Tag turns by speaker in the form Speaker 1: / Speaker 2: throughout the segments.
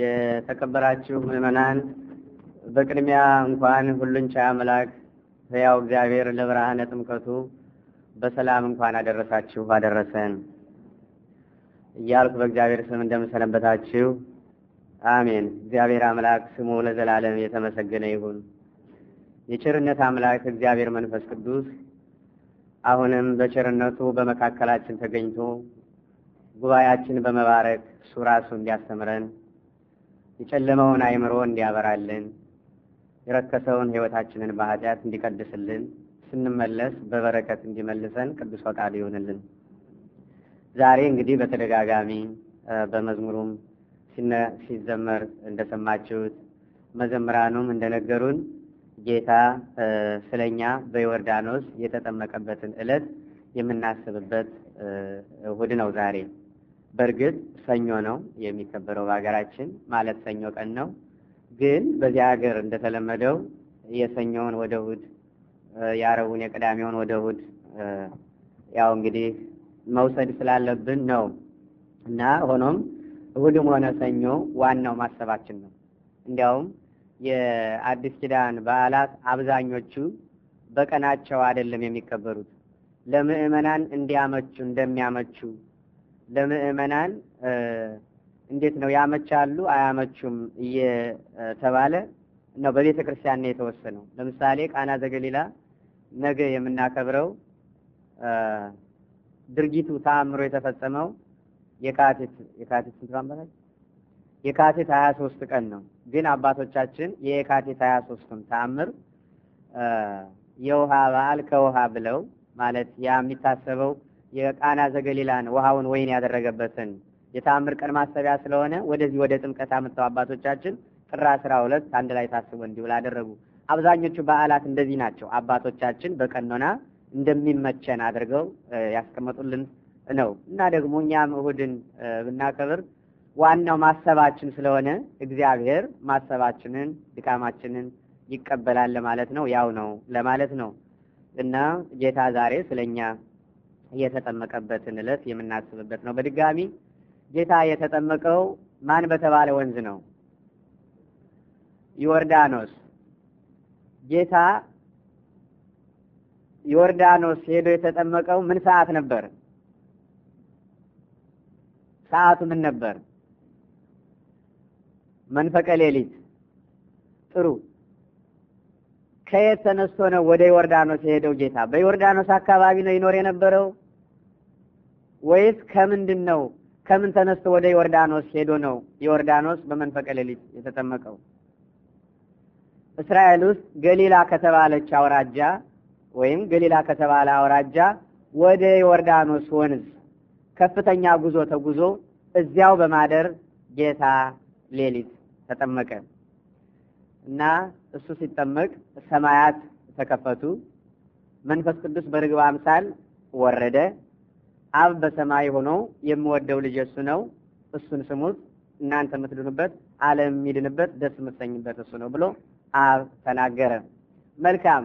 Speaker 1: የተከበራችሁ ምዕመናን፣ በቅድሚያ እንኳን ሁሉን ቻይ አምላክ ሕያው እግዚአብሔር ለብርሃነ ጥምቀቱ በሰላም እንኳን አደረሳችሁ አደረሰን እያልኩ በእግዚአብሔር ስም እንደምሰነበታችሁ አሜን። እግዚአብሔር አምላክ ስሙ ለዘላለም የተመሰገነ ይሁን። የቸርነት አምላክ እግዚአብሔር መንፈስ ቅዱስ አሁንም በቸርነቱ በመካከላችን ተገኝቶ ጉባኤያችን በመባረክ እሱ ራሱ እንዲያስተምረን የጨለመውን አይምሮ እንዲያበራልን የረከሰውን ሕይወታችንን በኃጢአት እንዲቀድስልን ስንመለስ በበረከት እንዲመልሰን ቅዱስ ፈቃዱ ይሆንልን። ዛሬ እንግዲህ በተደጋጋሚ በመዝሙሩም ሲዘመር እንደሰማችሁት መዘምራኑም እንደነገሩን ጌታ ስለኛ በዮርዳኖስ የተጠመቀበትን ዕለት የምናስብበት እሁድ ነው ዛሬ። በእርግጥ ሰኞ ነው የሚከበረው በሀገራችን ማለት ሰኞ ቀን ነው። ግን በዚያ ሀገር እንደተለመደው የሰኞውን ወደ እሑድ የአረቡን የቅዳሜውን ወደ እሑድ ያው እንግዲህ መውሰድ ስላለብን ነው እና ሆኖም እሑድም ሆነ ሰኞ ዋናው ማሰባችን ነው። እንዲያውም የአዲስ ኪዳን በዓላት አብዛኞቹ በቀናቸው አይደለም የሚከበሩት ለምዕመናን እንዲያመቹ እንደሚያመቹ ለምእመናን እንዴት ነው ያመቻሉ አያመቹም እየተባለ ነው በቤተ ክርስቲያን ነው የተወሰነው። ለምሳሌ ቃና ዘገሊላ ነገ የምናከብረው ድርጊቱ ተአምሮ የተፈጸመው የካቲት የካቲት ስንት የካቲት 23 ቀን ነው። ግን አባቶቻችን የካቲት 23 ሶስቱን ተአምር የውሃ በዓል ከውሃ ብለው ማለት ያ የሚታሰበው የቃና ዘገሊላን ውሃውን ወይን ያደረገበትን የተአምር ቀን ማሰቢያ ስለሆነ ወደዚህ ወደ ጥምቀት አምጥተው አባቶቻችን ጥር አስራ ሁለት አንድ ላይ ታስቦ እንዲውል አደረጉ። አብዛኞቹ በዓላት እንደዚህ ናቸው። አባቶቻችን በቀኖና እንደሚመቸን አድርገው ያስቀመጡልን ነው እና ደግሞ እኛም እሁድን ብናከብር ዋናው ማሰባችን ስለሆነ እግዚአብሔር ማሰባችንን ድካማችንን ይቀበላል ለማለት ነው። ያው ነው ለማለት ነው እና ጌታ ዛሬ ስለኛ የተጠመቀበትን ዕለት የምናስብበት ነው። በድጋሚ ጌታ የተጠመቀው ማን በተባለ ወንዝ ነው? ዮርዳኖስ። ጌታ ዮርዳኖስ ሄዶ የተጠመቀው ምን ሰዓት ነበር? ሰዓቱ ምን ነበር? መንፈቀ ሌሊት። ጥሩ። ከየት ተነስቶ ነው ወደ ዮርዳኖስ የሄደው ጌታ? በዮርዳኖስ አካባቢ ነው ይኖር የነበረው? ወይስ ከምንድን ነው? ከምን ተነስቶ ወደ ዮርዳኖስ ሄዶ ነው ዮርዳኖስ በመንፈቀ ሌሊት የተጠመቀው? እስራኤል ውስጥ ገሊላ ከተባለች አውራጃ ወይም ገሊላ ከተባለ አውራጃ ወደ ዮርዳኖስ ወንዝ ከፍተኛ ጉዞ ተጉዞ እዚያው በማደር ጌታ ሌሊት ተጠመቀ እና እሱ ሲጠመቅ ሰማያት ተከፈቱ፣ መንፈስ ቅዱስ በርግብ አምሳል ወረደ። አብ በሰማይ ሆኖ የምወደው ልጅ እሱ ነው፣ እሱን ስሙት እናንተ የምትድኑበት ዓለም የሚድንበት ደስ የምትሰኝበት እሱ ነው ብሎ አብ ተናገረ። መልካም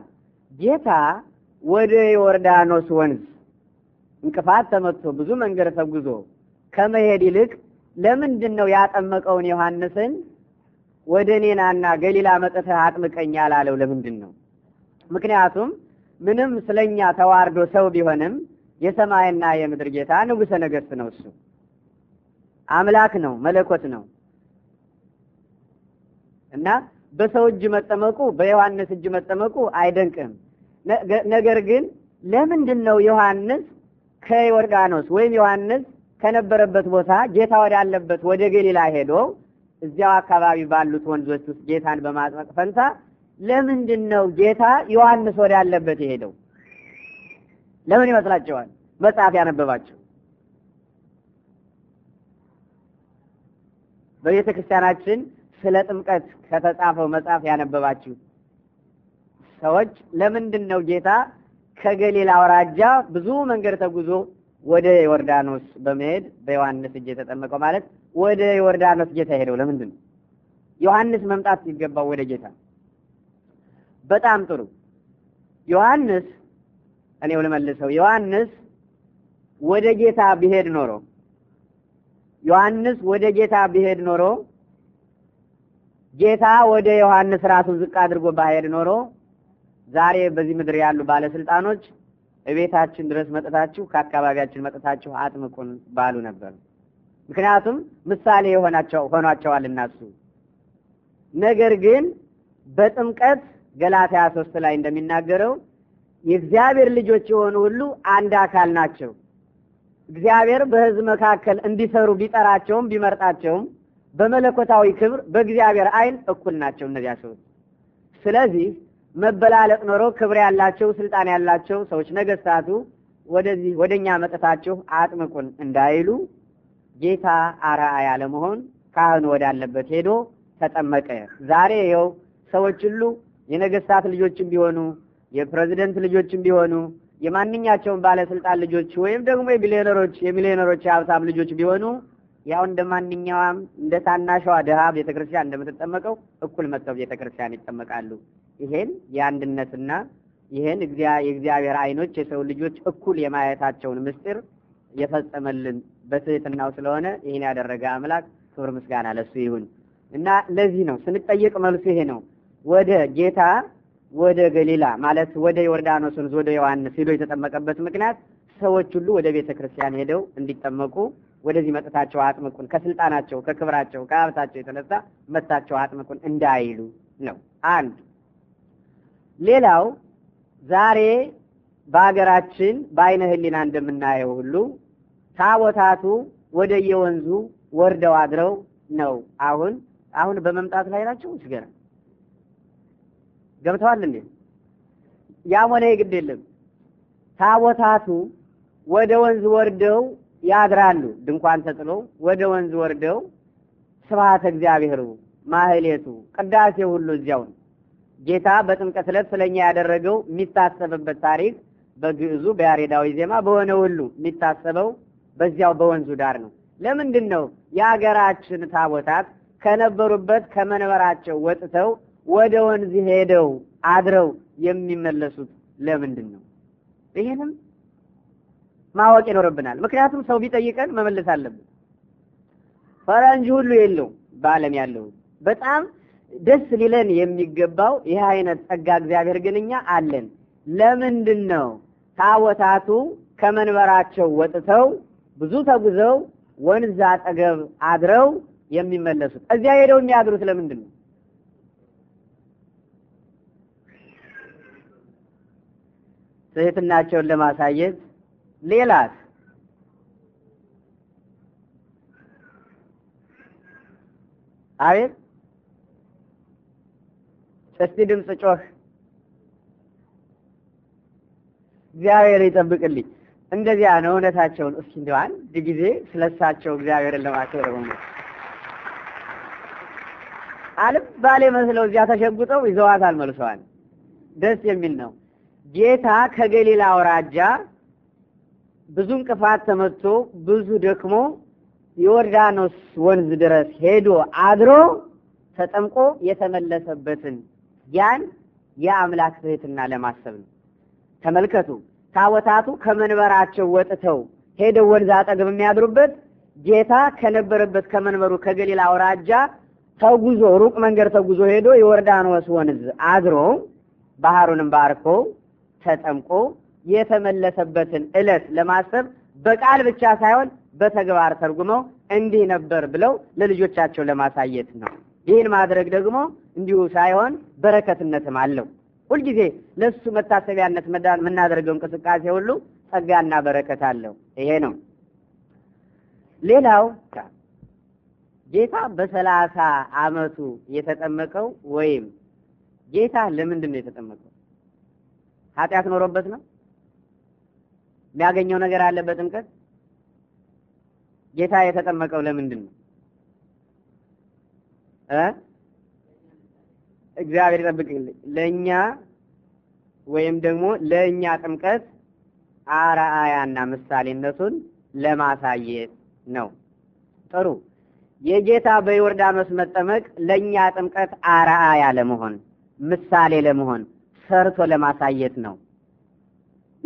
Speaker 1: ጌታ ወደ ዮርዳኖስ ወንዝ እንቅፋት ተመቶ ብዙ መንገድ ተጉዞ ከመሄድ ይልቅ ለምንድን ነው ያጠመቀውን ዮሐንስን ወደ እኔናና ገሊላ መጥተህ አጥምቀኝ አላለው? ለምንድን ነው? ምክንያቱም ምንም ስለኛ ተዋርዶ ሰው ቢሆንም የሰማይና የምድር ጌታ ንጉሰ ነገስት ነው። እሱ አምላክ ነው፣ መለኮት ነው እና በሰው እጅ መጠመቁ በዮሐንስ እጅ መጠመቁ አይደንቅም። ነገር ግን ለምንድን ነው ዮሐንስ ከዮርዳኖስ ወይም ዮሐንስ ከነበረበት ቦታ ጌታ ወዳለበት ወደ ገሊላ ሄዶ እዚያው አካባቢ ባሉት ወንዞች ውስጥ ጌታን በማጥመቅ ፈንታ ለምንድን ነው ጌታ ዮሐንስ ወዳለበት የሄደው? ለምን ይመስላችኋል? መጽሐፍ ያነበባቸው በቤተ ክርስቲያናችን ስለ ጥምቀት ከተጻፈው መጽሐፍ ያነበባችሁ ሰዎች ለምንድን ነው ጌታ ከገሊላ አውራጃ ብዙ መንገድ ተጉዞ ወደ ዮርዳኖስ በመሄድ በዮሐንስ እጅ የተጠመቀው ማለት ወደ ዮርዳኖስ ጌታ ሄደው ለምንድን ነው ዮሐንስ መምጣት ሲገባው ወደ ጌታ በጣም ጥሩ ዮሐንስ እኔው ልመልሰው። ዮሐንስ ወደ ጌታ ቢሄድ ኖሮ ዮሐንስ ወደ ጌታ ቢሄድ ኖሮ ጌታ ወደ ዮሐንስ ራሱን ዝቅ አድርጎ ባሄድ ኖሮ ዛሬ በዚህ ምድር ያሉ ባለስልጣኖች እቤታችን ድረስ መጥታችሁ ከአካባቢያችን መጥታችሁ አጥምቁን ባሉ ነበር። ምክንያቱም ምሳሌ የሆናቸው ሆኗቸዋል እናሱ ነገር ግን በጥምቀት ገላትያ ሶስት ላይ እንደሚናገረው የእግዚአብሔር ልጆች የሆኑ ሁሉ አንድ አካል ናቸው። እግዚአብሔር በሕዝብ መካከል እንዲሰሩ ቢጠራቸውም ቢመርጣቸውም በመለኮታዊ ክብር በእግዚአብሔር ዓይን እኩል ናቸው እነዚያ ሰዎች። ስለዚህ መበላለጥ ኖሮ ክብር ያላቸው ስልጣን ያላቸው ሰዎች ነገስታቱ ወደዚህ ወደኛ መጠታችሁ አጥምቁን እንዳይሉ ጌታ አርአያ ለመሆን ካህኑ ወዳለበት ሄዶ ተጠመቀ። ዛሬ ይኸው ሰዎች ሁሉ የነገስታት ልጆችም ቢሆኑ የፕሬዝደንት ልጆችም ቢሆኑ የማንኛቸውም ባለስልጣን ልጆች ወይም ደግሞ የቢሊዮነሮች የሚሊዮነሮች የሀብታም ልጆች ቢሆኑ ያው እንደ ማንኛውም እንደ ታናሿ ድሃ ቤተክርስቲያን እንደምትጠመቀው እኩል መጥተው ቤተክርስቲያን ይጠመቃሉ። ይሄን የአንድነትና ይሄን የእግዚአብሔር አይኖች የሰው ልጆች እኩል የማየታቸውን ምስጢር የፈጸመልን በትህትናው ስለሆነ ይሄን ያደረገ አምላክ ክብር ምስጋና ለሱ ይሁን እና ለዚህ ነው ስንጠየቅ መልሱ ይሄ ነው ወደ ጌታ ወደ ገሊላ ማለት ወደ ዮርዳኖስ ወንዝ ወደ ዮሐንስ ሄዶ የተጠመቀበት ምክንያት ሰዎች ሁሉ ወደ ቤተ ክርስቲያን ሄደው እንዲጠመቁ ወደዚህ መጥታቸው አጥምቁን፣ ከስልጣናቸው ከክብራቸው ከሀብታቸው የተነሳ መጥታቸው አጥምቁን እንዳይሉ ነው። አንድ ሌላው ዛሬ በሀገራችን በአይነ ህሊና እንደምናየው ሁሉ ታቦታቱ ወደ የወንዙ ወርደው አድረው ነው አሁን አሁን በመምጣት ላይ ናቸው። ይገርም ገብተዋል እንዴ? ያም ሆነ ግድ የለም ታቦታቱ ወደ ወንዝ ወርደው ያድራሉ። ድንኳን ተጥሎ ወደ ወንዝ ወርደው ስብሐተ እግዚአብሔሩ ማህሌቱ ቅዳሴ ሁሉ እዚያው ነው። ጌታ በጥምቀት ዕለት ስለኛ ያደረገው የሚታሰብበት ታሪክ በግዕዙ በያሬዳዊ ዜማ በሆነ ሁሉ የሚታሰበው በዚያው በወንዙ ዳር ነው። ለምንድን ነው የሀገራችን ታቦታት ከነበሩበት ከመንበራቸው ወጥተው ወደ ወንዝ ሄደው አድረው የሚመለሱት ለምንድን ነው? ይህንም ማወቅ ይኖርብናል። ምክንያቱም ሰው ቢጠይቀን መመለስ አለብን። ፈረንጅ ሁሉ የለው በዓለም ያለው በጣም ደስ ሊለን የሚገባው ይህ አይነት ጸጋ እግዚአብሔር ግን እኛ አለን። ለምንድን ነው ታቦታቱ ከመንበራቸው ወጥተው ብዙ ተጉዘው ወንዝ አጠገብ አድረው የሚመለሱት? እዚያ ሄደው የሚያድሩት ለምንድን ነው? ትህትናቸውን ለማሳየት ሌላት አቤት እስቲ ድምፅ ጮህ። እግዚአብሔር ይጠብቅልኝ። እንደዚያ ነው እውነታቸውን። እስኪ እንደው አንድ ጊዜ ስለሳቸው እግዚአብሔርን ለማክበር ነው። አልባሌ መስለው እዚያ ተሸጉጠው ይዘዋታል መልሰዋል። ደስ የሚል ነው። ጌታ ከገሊላ አውራጃ ብዙ እንቅፋት ተመቶ ብዙ ደክሞ ዮርዳኖስ ወንዝ ድረስ ሄዶ አድሮ ተጠምቆ የተመለሰበትን ያን የአምላክ ትህትና ለማሰብ ነው። ተመልከቱ፣ ታቦታቱ ከመንበራቸው ወጥተው ሄደው ወንዝ አጠገብ የሚያድሩበት ጌታ ከነበረበት ከመንበሩ ከገሊላ አውራጃ ተጉዞ ሩቅ መንገድ ተጉዞ ሄዶ የወርዳኖስ ወንዝ አድሮ ባህሩንም ባርኮ ተጠምቆ የተመለሰበትን ዕለት ለማሰብ በቃል ብቻ ሳይሆን በተግባር ተርጉመው እንዲህ ነበር ብለው ለልጆቻቸው ለማሳየት ነው። ይህን ማድረግ ደግሞ እንዲሁ ሳይሆን በረከትነትም አለው። ሁልጊዜ ለእሱ መታሰቢያነት የምናደርገው እንቅስቃሴ ሁሉ ጸጋና በረከት አለው። ይሄ ነው። ሌላው ጌታ በሰላሳ ዓመቱ የተጠመቀው ወይም ጌታ ለምንድን ነው የተጠመቀው? ኃጢአት ኖሮበት ነው? የሚያገኘው ነገር አለበት? ጥምቀት ጌታ የተጠመቀው ለምንድን ነው? እ እግዚአብሔር ይጠብቅልኝ ለእኛ ወይም ደግሞ ለእኛ ጥምቀት አርአያና ምሳሌነቱን ለማሳየት ነው። ጥሩ። የጌታ በዮርዳኖስ መጠመቅ ለእኛ ጥምቀት አርአያ ለመሆን ምሳሌ ለመሆን ሰርቶ ለማሳየት ነው።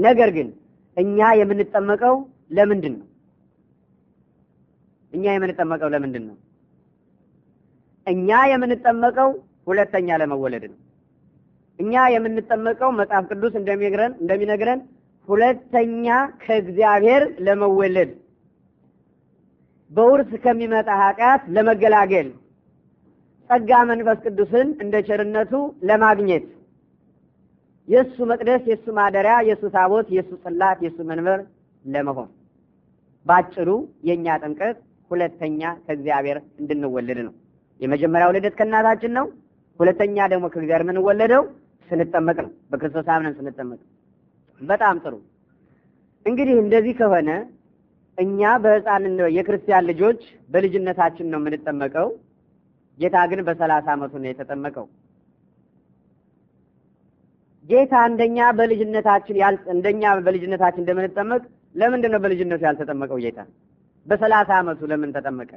Speaker 1: ነገር ግን እኛ የምንጠመቀው ለምንድን ነው? እኛ የምንጠመቀው ለምንድን ነው? እኛ የምንጠመቀው ሁለተኛ ለመወለድ ነው። እኛ የምንጠመቀው መጽሐፍ ቅዱስ እንደሚነግረን እንደሚነግረን ሁለተኛ ከእግዚአብሔር ለመወለድ በውርስ ከሚመጣ ኃጢአት ለመገላገል ጸጋ መንፈስ ቅዱስን እንደ ቸርነቱ ለማግኘት የእሱ መቅደስ የእሱ ማደሪያ የእሱ ታቦት የእሱ ጽላት የእሱ መንበር ለመሆን ባጭሩ የእኛ ጥምቀት ሁለተኛ ከእግዚአብሔር እንድንወለድ ነው። የመጀመሪያው ልደት ከእናታችን ነው። ሁለተኛ ደግሞ ከእግዚአብሔር የምንወለደው ስንጠመቅ ነው። በክርስቶስ አምነን ስንጠመቅ። በጣም ጥሩ። እንግዲህ እንደዚህ ከሆነ እኛ በህፃን የክርስቲያን ልጆች በልጅነታችን ነው የምንጠመቀው። ጌታ ግን በሰላሳ ዓመቱ ነው የተጠመቀው። ጌታ እንደኛ በልጅነታችን ያል እንደኛ በልጅነታችን እንደምንጠመቅ ለምንድን ነው በልጅነቱ ያልተጠመቀው ጌታ? በሰላሳ አመቱ ለምን ተጠመቀ?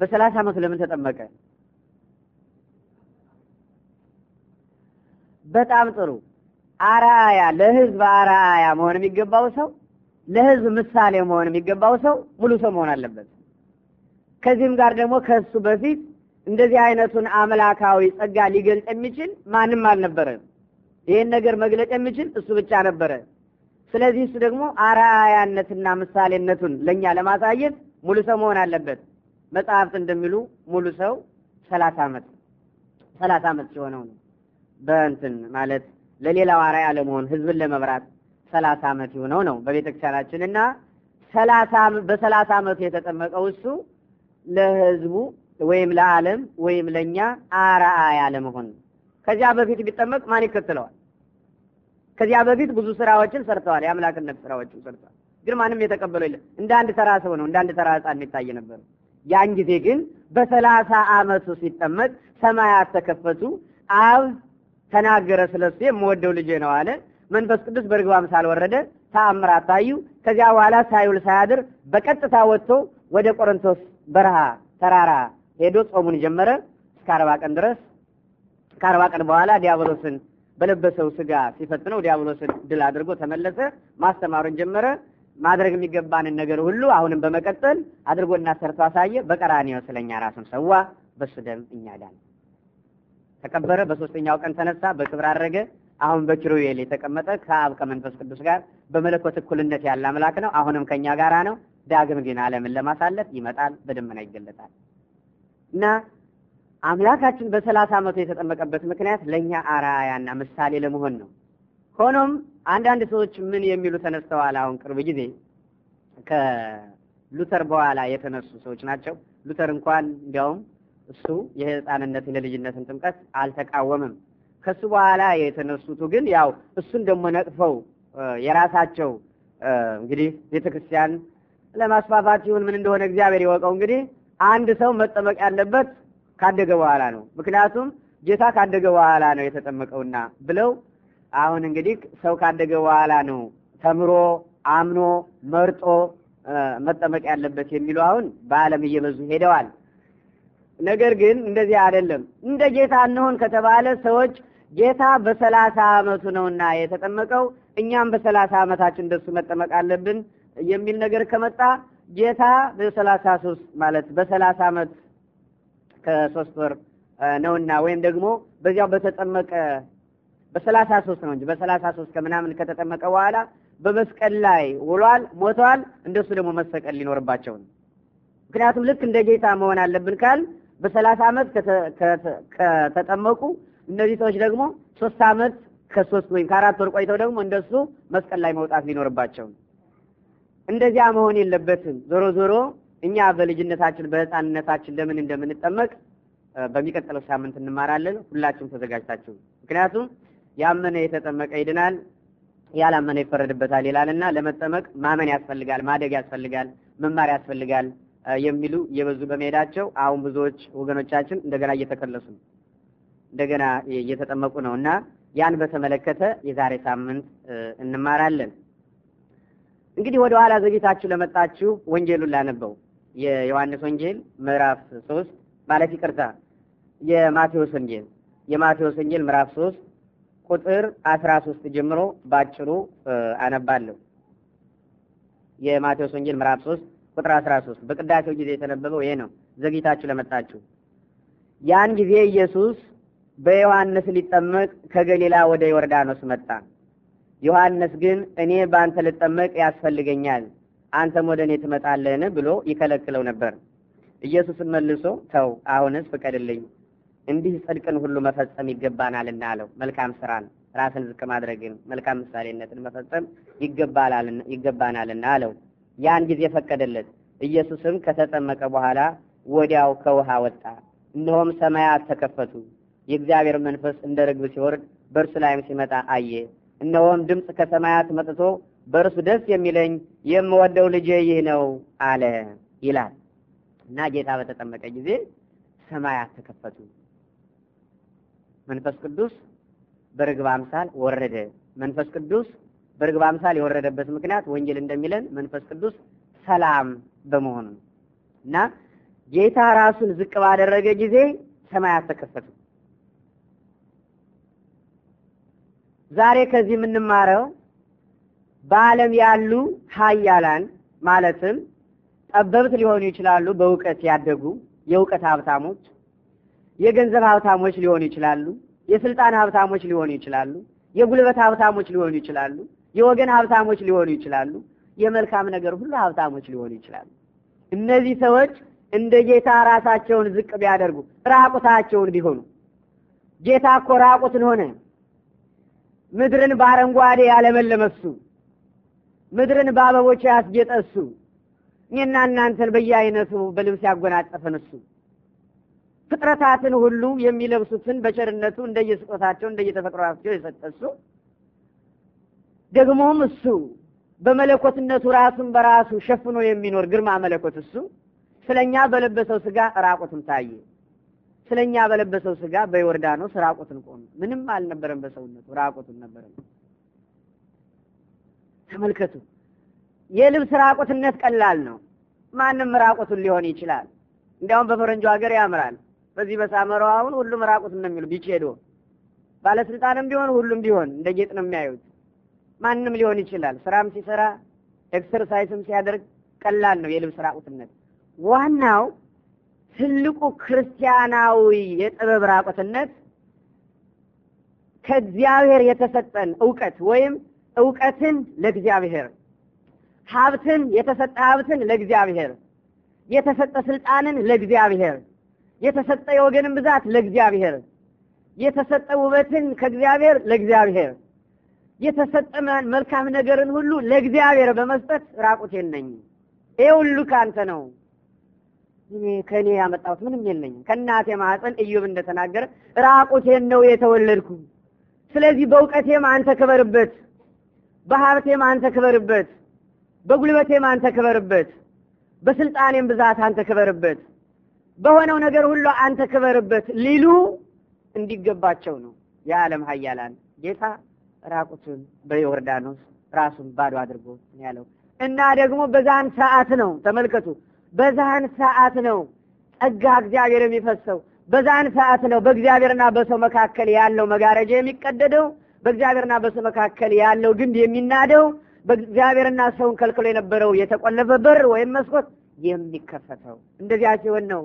Speaker 1: በሰላሳ ዓመቱ ለምን ተጠመቀ? በጣም ጥሩ አራያ ለህዝብ አራያ መሆን የሚገባው ሰው ለህዝብ ምሳሌ መሆን የሚገባው ሰው ሙሉ ሰው መሆን አለበት። ከዚህም ጋር ደግሞ ከሱ በፊት እንደዚህ አይነቱን አምላካዊ ጸጋ ሊገልጽ የሚችል ማንም አልነበረም። ይህን ነገር መግለጽ የሚችል እሱ ብቻ ነበረ። ስለዚህ እሱ ደግሞ አራያነትና ምሳሌነቱን ለእኛ ለማሳየት ሙሉ ሰው መሆን አለበት። መጽሐፍት እንደሚሉ ሙሉ ሰው ሰላሳ ዓመት ሰላሳ ዓመት ሲሆነው ነው በእንትን ማለት ለሌላው አራያ ለመሆን ህዝብን ለመብራት ሰላሳ ዓመት የሆነው ነው በቤተክርስቲያናችን እና ሰላሳ በሰላሳ ዓመቱ የተጠመቀው እሱ ለህዝቡ ወይም ለዓለም ወይም ለእኛ አርአያ ለመሆን ነው። ከዚያ በፊት ቢጠመቅ ማን ይከተለዋል? ከዚያ በፊት ብዙ ስራዎችን ሰርተዋል፣ የአምላክነት ስራዎችን ሰርተዋል። ግን ማንም የተቀበለው የለም። እንደ አንድ ተራ ሰው ነው፣ እንደ አንድ ተራ ህፃን የሚታይ ነበር። ያን ጊዜ ግን በሰላሳ አመቱ ሲጠመቅ ሰማያት ተከፈቱ፣ አብ ተናገረ፣ ስለሱ የምወደው ልጄ ነው አለ። መንፈስ ቅዱስ በርግብ አምሳል ወረደ፣ ተአምራት ታዩ። ከዚያ በኋላ ሳይውል ሳያድር በቀጥታ ወጥቶ ወደ ቆሮንቶስ በረሃ ተራራ ሄዶ ጾሙን ጀመረ እስከ አርባ ቀን ድረስ ከአርባ ቀን በኋላ ዲያብሎስን በለበሰው ስጋ ሲፈትነው ዲያብሎስን ድል አድርጎ ተመለሰ። ማስተማሩን ጀመረ። ማድረግ የሚገባንን ነገር ሁሉ አሁንም በመቀጠል አድርጎና ሰርቶ አሳየ። በቀራንዮ ስለኛ ራሱን ሰዋ፣ በሱ ደም እኛ ዳን። ተቀበረ፣ በሶስተኛው ቀን ተነሳ፣ በክብር አረገ። አሁን በኪሩቤል የተቀመጠ ከአብ ከመንፈስ ቅዱስ ጋር በመለኮት እኩልነት ያለ አምላክ ነው። አሁንም ከኛ ጋራ ነው። ዳግም ግን ዓለምን ለማሳለፍ ይመጣል፣ በደመና ይገለጣል። እና አምላካችን በሰላሳ ዓመቱ የተጠመቀበት ምክንያት ለእኛ አራያና ምሳሌ ለመሆን ነው። ሆኖም አንዳንድ ሰዎች ምን የሚሉ ተነስተዋል። አሁን ቅርብ ጊዜ ከሉተር በኋላ የተነሱ ሰዎች ናቸው። ሉተር እንኳን እንዲያውም እሱ የህፃንነትን የልጅነትን ጥምቀት አልተቃወምም። ከሱ በኋላ የተነሱቱ ግን ያው እሱን ደግሞ ነጥፈው የራሳቸው እንግዲህ ቤተክርስቲያን ለማስፋፋት ይሁን ምን እንደሆነ እግዚአብሔር ይወቀው እንግዲህ አንድ ሰው መጠመቅ ያለበት ካደገ በኋላ ነው። ምክንያቱም ጌታ ካደገ በኋላ ነው የተጠመቀውና ብለው አሁን እንግዲህ ሰው ካደገ በኋላ ነው ተምሮ አምኖ መርጦ መጠመቅ ያለበት የሚሉ አሁን በዓለም እየበዙ ሄደዋል። ነገር ግን እንደዚህ አይደለም። እንደ ጌታ እንሆን ከተባለ ሰዎች ጌታ በሰላሳ ዓመቱ ነውና የተጠመቀው እኛም በሰላሳ ዓመታችን እንደሱ መጠመቅ አለብን የሚል ነገር ከመጣ ጌታ በሰላሳ ሶስት ማለት በሰላሳ ዓመት ከሶስት ወር ነውና ወይም ደግሞ በዚያው በተጠመቀ በሰላሳ ሶስት ነው እንጂ በሰላሳ ሶስት ከምናምን ከተጠመቀ በኋላ በመስቀል ላይ ውሏል፣ ሞቷል። እንደሱ ደግሞ መሰቀል ሊኖርባቸው ነው። ምክንያቱም ልክ እንደ ጌታ መሆን አለብን ካል በሰላሳ ዓመት ከተጠመቁ እነዚህ ሰዎች ደግሞ ሶስት ዓመት ከሶስት ወይም ከአራት ወር ቆይተው ደግሞ እንደሱ መስቀል ላይ መውጣት ሊኖርባቸው ነው። እንደዚያ መሆን የለበትም። ዞሮ ዞሮ እኛ በልጅነታችን በህፃንነታችን ለምን እንደምንጠመቅ በሚቀጥለው ሳምንት እንማራለን። ሁላችሁም ተዘጋጅታችሁ፣ ምክንያቱም ያመነ የተጠመቀ ይድናል፣ ያላመነ ይፈረድበታል ይላልና ለመጠመቅ ማመን ያስፈልጋል፣ ማደግ ያስፈልጋል፣ መማር ያስፈልጋል የሚሉ እየበዙ በመሄዳቸው አሁን ብዙዎች ወገኖቻችን እንደገና እየተከለሱ እንደገና እየተጠመቁ ነው እና ያን በተመለከተ የዛሬ ሳምንት እንማራለን። እንግዲህ ወደ ኋላ ዘግይታችሁ ለመጣችሁ ወንጌሉን ላነበው የዮሐንስ ወንጌል ምዕራፍ ሶስት ማለት ይቅርታ የማቴዎስ ወንጌል የማቴዎስ ወንጌል ምዕራፍ ሶስት ቁጥር አስራ ሶስት ጀምሮ ባጭሩ አነባለሁ። የማቴዎስ ወንጌል ምዕራፍ ሶስት ቁጥር አስራ ሶስት በቅዳሴው ጊዜ የተነበበው ይሄ ነው። ዘግይታችሁ ለመጣችሁ ያን ጊዜ ኢየሱስ በዮሐንስ ሊጠመቅ ከገሊላ ወደ ዮርዳኖስ መጣ። ዮሐንስ ግን እኔ በአንተ ልጠመቅ ያስፈልገኛል፣ አንተም ወደ እኔ ትመጣለህን ብሎ ይከለክለው ነበር። ኢየሱስ መልሶ ተው፣ አሁንስ ፍቀድልኝ፣ እንዲህ ጽድቅን ሁሉ መፈጸም ይገባናልና አለው። መልካም ስራን፣ ራስን ዝቅ ማድረግን፣ መልካም ምሳሌነትን መፈጸም ይገባናልና አለው። ያን ጊዜ ፈቀደለት። ኢየሱስም ከተጠመቀ በኋላ ወዲያው ከውሃ ወጣ። እነሆም ሰማያት ተከፈቱ፣ የእግዚአብሔር መንፈስ እንደ ርግብ ሲወርድ በእርሱ ላይም ሲመጣ አየ። እነሆም ድምፅ ከሰማያት መጥቶ በእርሱ ደስ የሚለኝ የምወደው ልጄ ይህ ነው አለ ይላል እና ጌታ በተጠመቀ ጊዜ ሰማያት ተከፈቱ። መንፈስ ቅዱስ በርግብ አምሳል ወረደ። መንፈስ ቅዱስ በርግብ አምሳል የወረደበት ምክንያት ወንጌል እንደሚለን መንፈስ ቅዱስ ሰላም በመሆኑ እና ጌታ ራሱን ዝቅ ባደረገ ጊዜ ሰማያት ተከፈቱ። ዛሬ ከዚህ የምንማረው በዓለም ያሉ ሀያላን ማለትም ጠበብት ሊሆኑ ይችላሉ፣ በእውቀት ያደጉ የእውቀት ሀብታሞች፣ የገንዘብ ሀብታሞች ሊሆኑ ይችላሉ፣ የስልጣን ሀብታሞች ሊሆኑ ይችላሉ፣ የጉልበት ሀብታሞች ሊሆኑ ይችላሉ፣ የወገን ሀብታሞች ሊሆኑ ይችላሉ፣ የመልካም ነገር ሁሉ ሀብታሞች ሊሆኑ ይችላሉ። እነዚህ ሰዎች እንደ ጌታ ራሳቸውን ዝቅ ቢያደርጉ ራቁታቸውን ቢሆኑ ጌታ እኮ ራቁትን ሆነ ምድርን በአረንጓዴ ያለመለመሱ ምድርን በአበቦች ያስጌጠ እሱ እኔና እናንተን በየአይነቱ በልብስ ያጎናጸፈን እሱ ፍጥረታትን ሁሉ የሚለብሱትን በቸርነቱ እንደየስጦታቸው እንደየተፈጥሯቸው የሰጠ እሱ ደግሞም እሱ በመለኮትነቱ ራሱን በራሱ ሸፍኖ የሚኖር ግርማ መለኮት እሱ ስለኛ በለበሰው ስጋ ራቁትም ታየ። ስለኛ በለበሰው ስጋ ነው ራቁትን ቆመ። ምንም አልነበረም፣ በሰውነቱ ራቁትን ነበረ። ተመልከቱ፣ የልብስ ራቁትነት ቀላል ነው። ማንም ራቁቱን ሊሆን ይችላል። እንዲያውም በፈረንጆ ሀገር ያምራል። በዚህ በሳመራው አሁን ሁሉም ራቁትን ነው የሚሉ ቢች ሄዶ ባለስልጣንም ቢሆን ሁሉም ቢሆን እንደ ጌጥ ነው የሚያዩት። ማንም ሊሆን ይችላል። ስራም ሲሰራ ኤክሰርሳይዝም ሲያደርግ ቀላል ነው የልብስ ራቁትነት ዋናው ትልቁ ክርስቲያናዊ የጥበብ ራቁትነት ከእግዚአብሔር የተሰጠን እውቀት ወይም እውቀትን ለእግዚአብሔር ሀብትን የተሰጠ ሀብትን ለእግዚአብሔር የተሰጠ ስልጣንን ለእግዚአብሔር የተሰጠ የወገንን ብዛት ለእግዚአብሔር የተሰጠ ውበትን ከእግዚአብሔር ለእግዚአብሔር የተሰጠ መልካም ነገርን ሁሉ ለእግዚአብሔር በመስጠት ራቁቴን ነኝ። ይሄ ሁሉ ከአንተ ነው። ከእኔ ያመጣሁት ምንም የለኝም። ከእናቴ ማህፀን እዩብ እንደተናገረ ራቁቴን ነው የተወለድኩ። ስለዚህ በእውቀቴም አንተ ክበርበት፣ በሀብቴም አንተ ክበርበት፣ በጉልበቴም አንተ ክበርበት፣ በስልጣኔም ብዛት አንተ ክበርበት፣ በሆነው ነገር ሁሉ አንተ ክበርበት ሊሉ እንዲገባቸው ነው የዓለም ሀያላን ጌታ ራቁቱን በዮርዳኖስ ራሱን ባዶ አድርጎ ያለው እና ደግሞ በዛን ሰዓት ነው ተመልከቱ በዛን ሰዓት ነው ጸጋ እግዚአብሔር የሚፈሰው። በዛን ሰዓት ነው በእግዚአብሔርና በሰው መካከል ያለው መጋረጃ የሚቀደደው፣ በእግዚአብሔርና በሰው መካከል ያለው ግንድ የሚናደው፣ በእግዚአብሔርና ሰውን ከልክሎ የነበረው የተቆለፈ በር ወይም መስኮት የሚከፈተው። እንደዚያ ሲሆን ነው።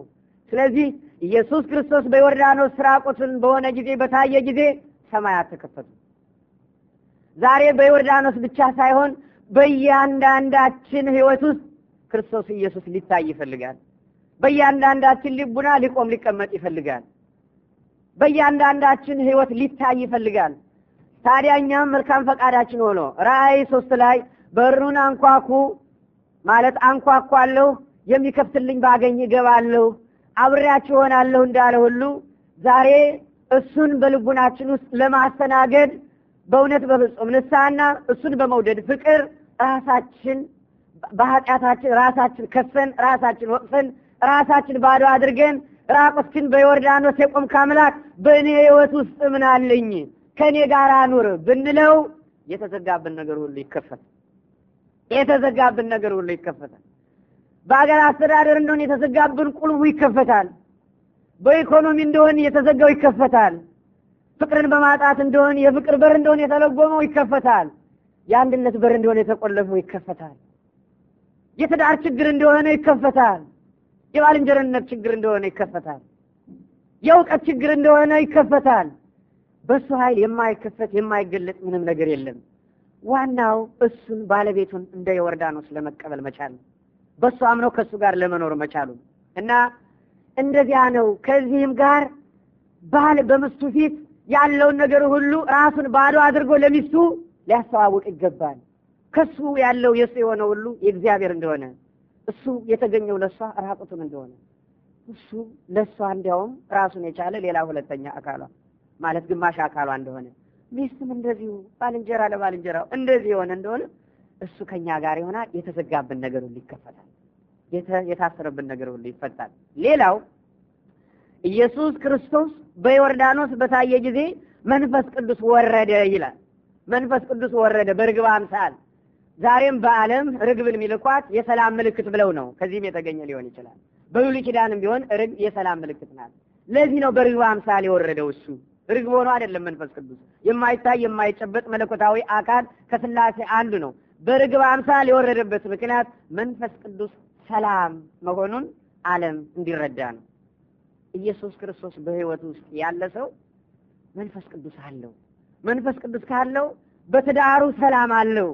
Speaker 1: ስለዚህ ኢየሱስ ክርስቶስ በዮርዳኖስ ስራቁትን በሆነ ጊዜ በታየ ጊዜ ሰማያት ተከፈቱ። ዛሬ በዮርዳኖስ ብቻ ሳይሆን በእያንዳንዳችን ሕይወት ውስጥ ክርስቶስ ኢየሱስ ሊታይ ይፈልጋል። በእያንዳንዳችን ልቡና ሊቆም ሊቀመጥ ይፈልጋል። በእያንዳንዳችን ህይወት ሊታይ ይፈልጋል። ታዲያ እኛም መልካም ፈቃዳችን ሆኖ ራእይ ሶስት ላይ በሩን አንኳኩ ማለት አንኳኳለሁ፣ የሚከፍትልኝ ባገኝ እገባለሁ፣ አብሬያችሁ እሆናለሁ እንዳለ ሁሉ ዛሬ እሱን በልቡናችን ውስጥ ለማስተናገድ በእውነት በፍጹም ንስሐና እሱን በመውደድ ፍቅር ራሳችን በኃጢአታችን ራሳችን ከፍን ራሳችን ወቅፈን ራሳችን ባዶ አድርገን ራቁስችን በዮርዳኖስ የቆምክ አምላክ በእኔ ህይወት ውስጥ ምን አለኝ ከእኔ ጋር ኑር ብንለው የተዘጋብን ነገር ሁሉ ይከፈታል። የተዘጋብን ነገር ሁሉ ይከፈታል። በአገር አስተዳደር እንደሆን የተዘጋብን ቁልቡ ይከፈታል። በኢኮኖሚ እንደሆን የተዘጋው ይከፈታል። ፍቅርን በማጣት እንደሆን የፍቅር በር እንደሆን የተለጎመው ይከፈታል። የአንድነት በር እንደሆነ የተቆለፈው ይከፈታል። የትዳር ችግር እንደሆነ ይከፈታል። የባልንጀርነት ችግር እንደሆነ ይከፈታል። የእውቀት ችግር እንደሆነ ይከፈታል። በእሱ ኃይል የማይከፈት የማይገለጥ ምንም ነገር የለም። ዋናው እሱን ባለቤቱን እንደ ዮርዳኖስ ለመቀበል መቻል ነው። በእሱ አምነው ከእሱ ጋር ለመኖር መቻሉ እና እንደዚያ ነው። ከዚህም ጋር ባል በምስቱ ፊት ያለውን ነገር ሁሉ ራሱን ባዶ አድርጎ ለሚስቱ ሊያስተዋውቅ ይገባል። ከሱ ያለው የሱ የሆነ ሁሉ የእግዚአብሔር እንደሆነ እሱ የተገኘው ለሷ ራቁቱን እንደሆነ እሱ ለሷ እንዲያውም ራሱን የቻለ ሌላ ሁለተኛ አካሏ ማለት ግማሽ አካሏ እንደሆነ ሚስትም እንደዚሁ ባልንጀራ ለባልንጀራው እንደዚህ የሆነ እንደሆነ እሱ ከኛ ጋር ይሆናል። የተዘጋብን ነገር ሁሉ ይከፈታል። የታሰረብን ነገር ሁሉ ይፈታል። ሌላው ኢየሱስ ክርስቶስ በዮርዳኖስ በታየ ጊዜ መንፈስ ቅዱስ ወረደ ይላል። መንፈስ ቅዱስ ወረደ በርግብ አምሳል ዛሬም በዓለም ርግብን የሚልኳት የሰላም ምልክት ብለው ነው። ከዚህም የተገኘ ሊሆን ይችላል። በብሉይ ኪዳንም ቢሆን ርግብ የሰላም ምልክት ናት። ለዚህ ነው በርግብ አምሳል የወረደው እሱ ርግብ ሆኖ አይደለም። መንፈስ ቅዱስ የማይታይ የማይጨበጥ መለኮታዊ አካል ከስላሴ አንዱ ነው። በርግብ አምሳል የወረደበት ምክንያት መንፈስ ቅዱስ ሰላም መሆኑን ዓለም እንዲረዳ ነው። ኢየሱስ ክርስቶስ በሕይወት ውስጥ ያለ ሰው መንፈስ ቅዱስ አለው። መንፈስ ቅዱስ ካለው በትዳሩ ሰላም አለው።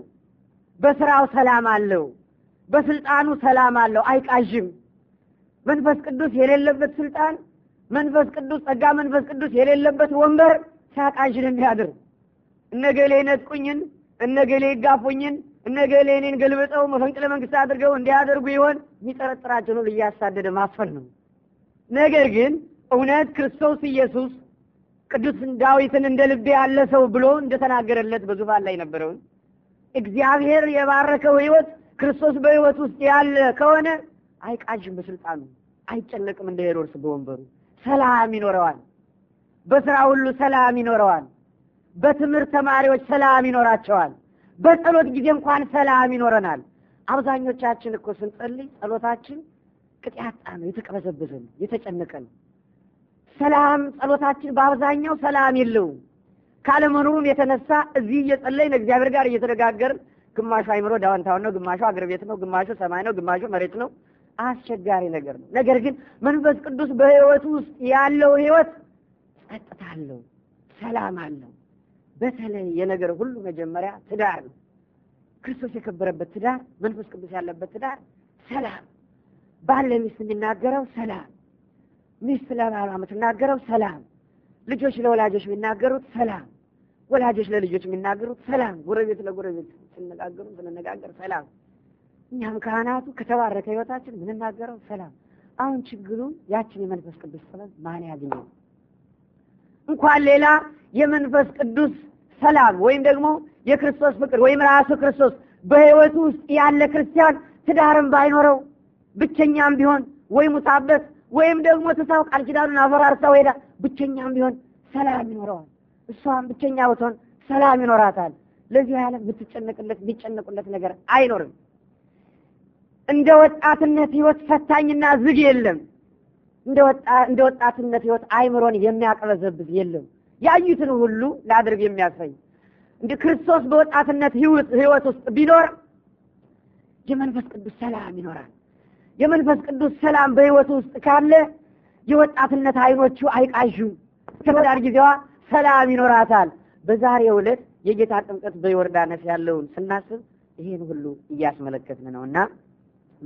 Speaker 1: በስራው ሰላም አለው፣ በስልጣኑ ሰላም አለው፣ አይቃዥም። መንፈስ ቅዱስ የሌለበት ስልጣን፣ መንፈስ ቅዱስ ጸጋ፣ መንፈስ ቅዱስ የሌለበት ወንበር ሲያቃዥን የሚያድር እነገሌ ነጥቁኝን፣ እነገሌ ይጋፉኝን፣ እነገሌ እኔን ገልብጠው መፈንቅለ መንግስት አድርገው እንዲያደርጉ ይሆን የሚጠረጥራቸው ነው እያሳደደ ማፈን ነው። ነገር ግን እውነት ክርስቶስ ኢየሱስ ቅዱስ ዳዊትን እንደ ልቤ ያለ ሰው ብሎ እንደተናገረለት በዙፋን ላይ ነበረውን እግዚአብሔር የባረከው ህይወት ክርስቶስ በህይወት ውስጥ ያለ ከሆነ አይቃዥም በስልጣኑ አይጨነቅም እንደ ሄሮድስ በወንበሩ ሰላም ይኖረዋል በስራ ሁሉ ሰላም ይኖረዋል በትምህርት ተማሪዎች ሰላም ይኖራቸዋል በጸሎት ጊዜ እንኳን ሰላም ይኖረናል አብዛኞቻችን እኮ ስንጸልይ ጸሎታችን ቅጥያጣ ነው የተቀበዘበዘ ነው የተጨነቀ ነው ሰላም ጸሎታችን በአብዛኛው ሰላም የለውም ካለመኖሩም የተነሳ እዚህ እየጸለይን እግዚአብሔር ጋር እየተነጋገርን ግማሹ አይምሮ ዳውንታውን ነው፣ ግማሹ አገር ቤት ነው፣ ግማሹ ሰማይ ነው፣ ግማሹ መሬት ነው። አስቸጋሪ ነገር ነው። ነገር ግን መንፈስ ቅዱስ በህይወት ውስጥ ያለው ህይወት ጸጥታ አለው፣ ሰላም አለው። በተለይ የነገር ሁሉ መጀመሪያ ትዳር ነው። ክርስቶስ የከበረበት ትዳር፣ መንፈስ ቅዱስ ያለበት ትዳር ሰላም። ባል ለሚስት የሚናገረው ሰላም፣ ሚስት ለባሏ የምትናገረው ሰላም፣ ልጆች ለወላጆች የሚናገሩት ሰላም ወላጆች ለልጆች የሚናገሩት ሰላም፣ ጎረቤት ለጎረቤት ስነጋገሩ ስንነጋገር ሰላም። እኛም ካህናቱ ከተባረከ ህይወታችን የምንናገረው ሰላም። አሁን ችግሩ ያችን የመንፈስ ቅዱስ ሰላም ማን ያገኘው? እንኳን ሌላ የመንፈስ ቅዱስ ሰላም ወይም ደግሞ የክርስቶስ ፍቅር ወይም ራሱ ክርስቶስ በህይወቱ ውስጥ ያለ ክርስቲያን ትዳርም ባይኖረው ብቸኛም ቢሆን ወይ ሙታበት ወይም ደግሞ ትሳው ቃል ኪዳኑን አፈራርሳው ሄዳ ብቸኛም ቢሆን ሰላም ይኖረዋል። እሷን ብቸኛ ብትሆን ሰላም ይኖራታል። ለዚህ ዓለም ብትጨነቅለት ቢጨነቁለት ነገር አይኖርም። እንደ ወጣትነት ህይወት ፈታኝና ዝግ የለም። እንደ ወጣትነት ህይወት አይምሮን የሚያቀበዘብዝ የለም። ያዩትን ሁሉ ላድርግ የሚያሰኝ እንደ ክርስቶስ በወጣትነት ህይወት ውስጥ ቢኖር የመንፈስ ቅዱስ ሰላም ይኖራል። የመንፈስ ቅዱስ ሰላም በህይወቱ ውስጥ ካለ የወጣትነት አይኖቹ አይቃዩ። ከመዳር ጊዜዋ ሰላም ይኖራታል። በዛሬው ዕለት የጌታ ጥምቀት በዮርዳኖስ ያለውን ስናስብ ይሄን ሁሉ እያስመለከትን ነው እና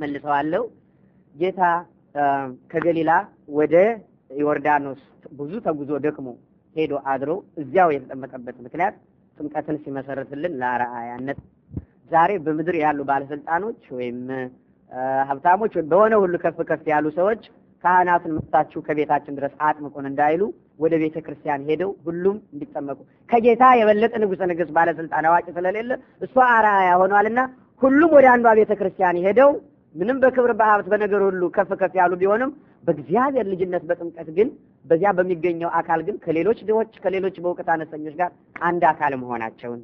Speaker 1: መልሰዋለሁ። ጌታ ከገሊላ ወደ ዮርዳኖስ ብዙ ተጉዞ ደክሞ ሄዶ አድሮ እዚያው የተጠመቀበት ምክንያት ጥምቀትን ሲመሰረትልን ለአርአያነት ዛሬ በምድር ያሉ ባለስልጣኖች ወይም ሀብታሞች በሆነ ሁሉ ከፍ ከፍ ያሉ ሰዎች ካህናትን መጥታችሁ ከቤታችን ድረስ አጥምቁን እንዳይሉ ወደ ቤተ ክርስቲያን ሄደው ሁሉም እንዲጠመቁ ከጌታ የበለጠ ንጉሠ ነገሥት ባለስልጣን አዋቂ ስለሌለ እሷ አርአያ ሆኗልና ሁሉም ወደ አንዷ ቤተ ክርስቲያን ሄደው ምንም በክብር በሀብት በነገር ሁሉ ከፍ ከፍ ያሉ ቢሆንም በእግዚአብሔር ልጅነት በጥምቀት ግን በዚያ በሚገኘው አካል ግን ከሌሎች ድሆች ከሌሎች በእውቀት አነሰኞች ጋር አንድ አካል መሆናቸውን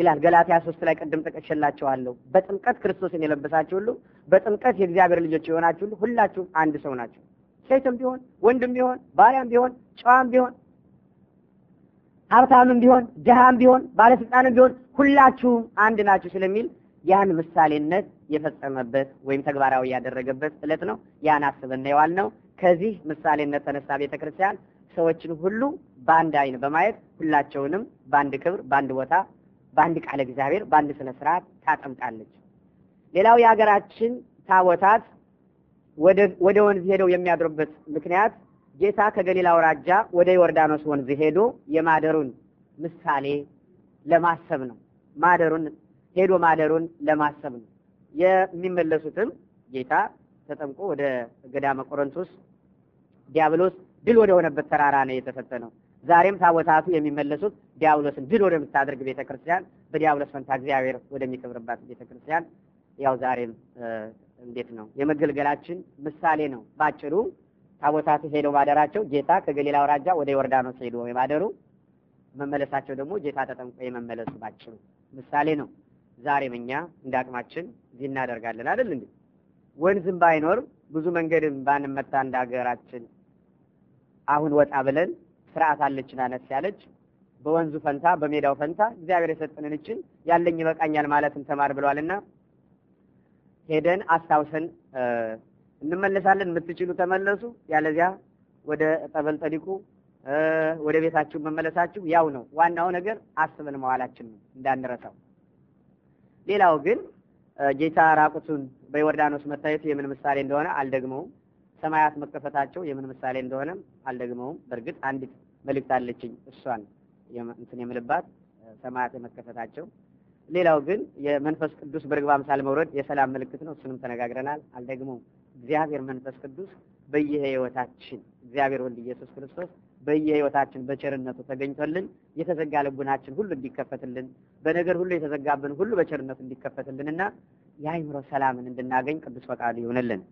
Speaker 1: ይላል ገላትያ ሶስት ላይ ቅድም ጠቅሼላችኋለሁ። በጥምቀት ክርስቶስን የለበሳችሁ ሁሉ በጥምቀት የእግዚአብሔር ልጆች የሆናችሁ ሁሉ ሁላችሁም አንድ ሰው ናቸው። ሴትም ቢሆን ወንድም ቢሆን ባሪያም ቢሆን ጨዋም ቢሆን ሀብታምም ቢሆን ድሃም ቢሆን ባለስልጣንም ቢሆን ሁላችሁም አንድ ናችሁ ስለሚል ያን ምሳሌነት የፈጸመበት ወይም ተግባራዊ ያደረገበት ዕለት ነው። ያን አስበን ነው። ከዚህ ምሳሌነት ተነሳ ቤተ ክርስቲያን ሰዎችን ሁሉ በአንድ አይን በማየት ሁላቸውንም በአንድ ክብር፣ በአንድ ቦታ፣ በአንድ ቃለ እግዚአብሔር፣ በአንድ ስነ ስርዓት ታጠምቃለች። ሌላው የሀገራችን ታቦታት ወደ ወንዝ ሄደው የሚያድሩበት ምክንያት ጌታ ከገሊላ አውራጃ ወደ ዮርዳኖስ ወንዝ ሄዶ የማደሩን ምሳሌ ለማሰብ ነው። ማደሩን ሄዶ ማደሩን ለማሰብ ነው። የሚመለሱትም ጌታ ተጠምቆ ወደ ገዳመ ቆሮንቶስ ዲያብሎስ ድል ወደ ሆነበት ተራራ ነው የተፈተነው። ዛሬም ታቦታቱ የሚመለሱት ዲያብሎስን ድል ወደምታደርግ ቤተክርስቲያን፣ በዲያብሎስ ፈንታ እግዚአብሔር ወደሚከብርባት ቤተክርስቲያን ያው ዛሬም እንዴት ነው የመገልገላችን ምሳሌ ነው። ባጭሩ ታቦታቱ ሄደው ማደራቸው ጌታ ከገሊላ አውራጃ ወደ ዮርዳኖስ ሄዶ የማደሩ መመለሳቸው ደግሞ ጌታ ተጠምቆ የመመለሱ ባጭሩ ምሳሌ ነው። ዛሬም እኛ እንደ አቅማችን እዚህ እናደርጋለን አይደል እንዴ? ወንዝም ባይኖር ብዙ መንገድም ባንመታ እንደ ሀገራችን አሁን ወጣ ብለን ስርዓት አለችን አነስ ያለች በወንዙ ፈንታ በሜዳው ፈንታ እግዚአብሔር የሰጠንንችን ያለኝ ይበቃኛል ማለትን ተማር ብለዋልና ሄደን አስታውሰን እንመለሳለን። የምትችሉ ተመለሱ፣ ያለዚያ ወደ ጠበል ጠዲቁ ወደ ቤታችሁ መመለሳችሁ ያው ነው። ዋናው ነገር አስበን መዋላችን ነው እንዳንረሳው። ሌላው ግን ጌታ ራቁቱን በዮርዳኖስ መታየት የምን ምሳሌ እንደሆነ አልደግመውም። ሰማያት መከፈታቸው የምን ምሳሌ እንደሆነ አልደግመውም። በእርግጥ አንዲት መልእክት አለችኝ እሷን እንትን የምልባት ሰማያት የመከፈታቸው ሌላው ግን የመንፈስ ቅዱስ በርግብ አምሳል መውረድ የሰላም ምልክት ነው። እሱንም ተነጋግረናል፣ አልደግሞም። እግዚአብሔር መንፈስ ቅዱስ በየህይወታችን እግዚአብሔር ወልድ ኢየሱስ ክርስቶስ በየህይወታችን በቸርነቱ ተገኝቶልን የተዘጋ ልቡናችን ሁሉ እንዲከፈትልን በነገር ሁሉ የተዘጋብን ሁሉ በቸርነቱ እንዲከፈትልንና የአይምሮ ሰላምን እንድናገኝ ቅዱስ ፈቃዱ ይሆንልን።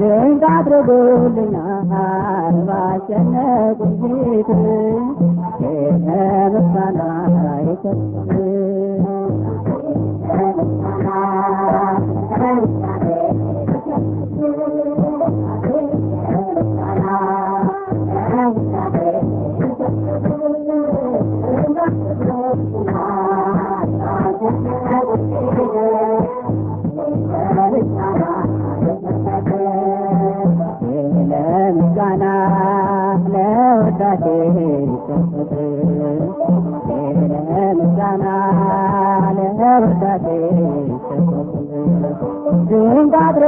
Speaker 2: ድንጋድርጎልኛል አርባሸነ ቁንጂት የነብሳና ይከስም Thank you.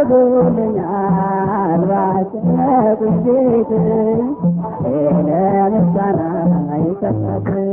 Speaker 2: ያደርጉልኛል ባሰቁ ሴት ለምስጋና ይከፈት